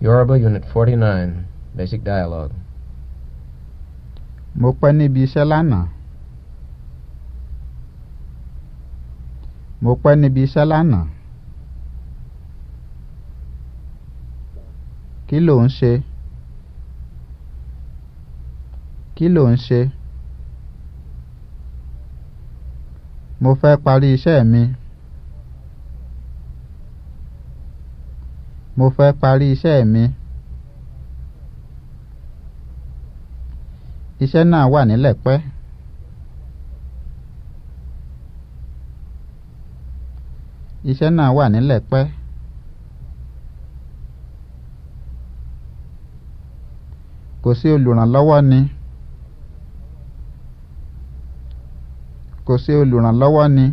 Yoruba Unit 49 Basic Dialogue. Mo pẹ́ níbi iṣẹ́ lánàá. Mo pẹ́ níbi iṣẹ́ lánàá. Kí ló ń ṣe? Kí ló ń ṣe? Mo fẹ́ parí iṣẹ́ mi. mo fẹ́ parí iṣẹ́ mi. iṣẹ́ náà wà nílẹ̀ pẹ́. iṣẹ́ náà wà nílẹ̀ pẹ́. kò sí olùrànlọ́wọ́ ni. kò sí olùrànlọ́wọ́ ni.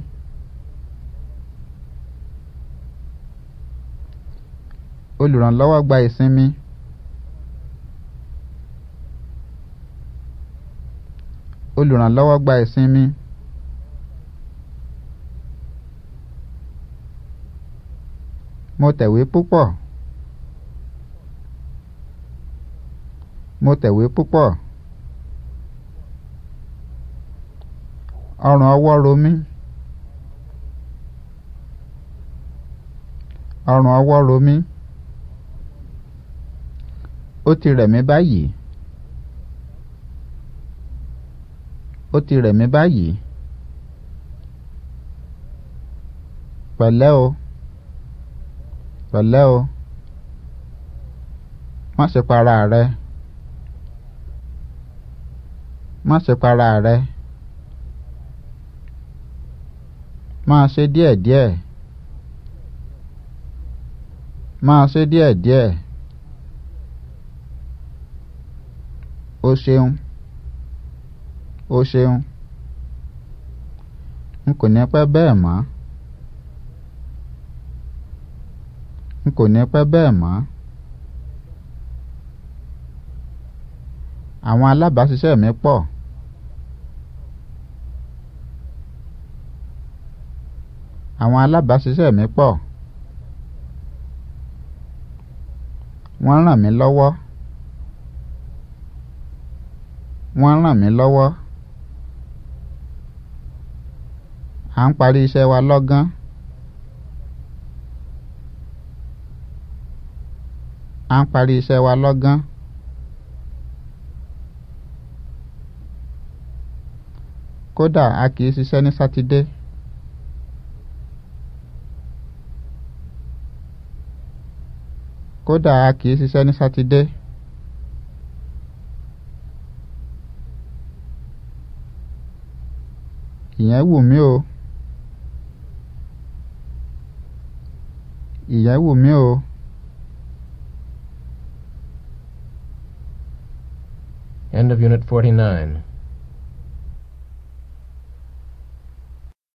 olùrànlọ́wọ́ gba ìsinmi. olùrànlọ́wọ́ gba ìsinmi. mo tẹ̀wé púpọ̀. mo tẹ̀wé púpọ̀. ọrùn ọwọ́ romi. ọrùn ọwọ́ romi. ó ti rẹ̀ mí báyìí ó ti rẹ̀ mí báyìí pẹ̀lẹ́ o pẹ̀lẹ́ o má ṣe para rẹ má ṣe para rẹ máa ṣe díẹ̀díẹ̀ máa ṣe díẹ̀díẹ̀. o ṣeun o ṣeun n kò ní pẹ́ bẹ́ẹ̀ mọ́ n kò ní pẹ́ bẹ́ẹ̀ mọ́ àwọn alábàáṣiṣẹ́ mi pọ̀ àwọn alábàáṣiṣẹ́ mi pọ̀ wọ́n ràn mí lọ́wọ́. wọ́n ràn mí lọ́wọ́ à ń parí iṣẹ́ wa lọ́gán à ń parí iṣẹ́ wa lọ́gán kódà a kì í ṣiṣẹ́ ní sátidé. kódà a kì í ṣiṣẹ́ ní sátidé. ìyẹn wù mí o ìyẹn wù mí o. End of Unit 49.